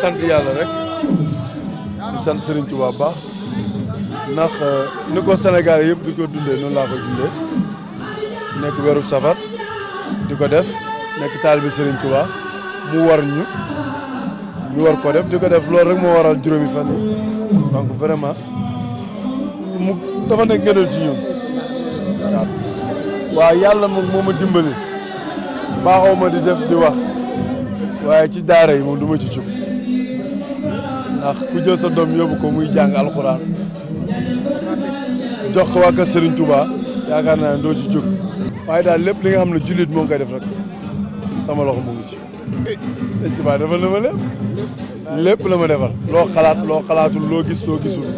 sant yàlla rek di sant Serigne Touba baax ndax euh, ni ko Sénégal yëpp di ko dundee noonu laa ko dundee nekk weeru safar di ko def nekk taalibe Serigne Touba mu war ñi ñu war ko def di ko def loolu rek moo waral juróomi fan yi vraiment mu dafa nekk gënal ci ñun waaw yàlla moom moo dimbali baaxoo di def di wax waaye ci daara yi moom du ma ci jub ndax ku jël sa doom yóbbu ko muy jàng alxuraan jox ko waa kër Serigne Touba yaakaar naa ne doo ci jóg waaye daal lépp li nga xam ne jullit moo ngi koy def rek sama loxo mu ngi ci. Serigne defal na ma lépp lépp la ma defal loo xalaat loo xalaatul loo gis loo gisul.